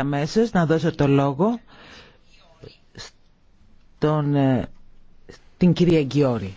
αμέσως να δώσω το λόγο στον, ε, στην κυρία Γκιόρη.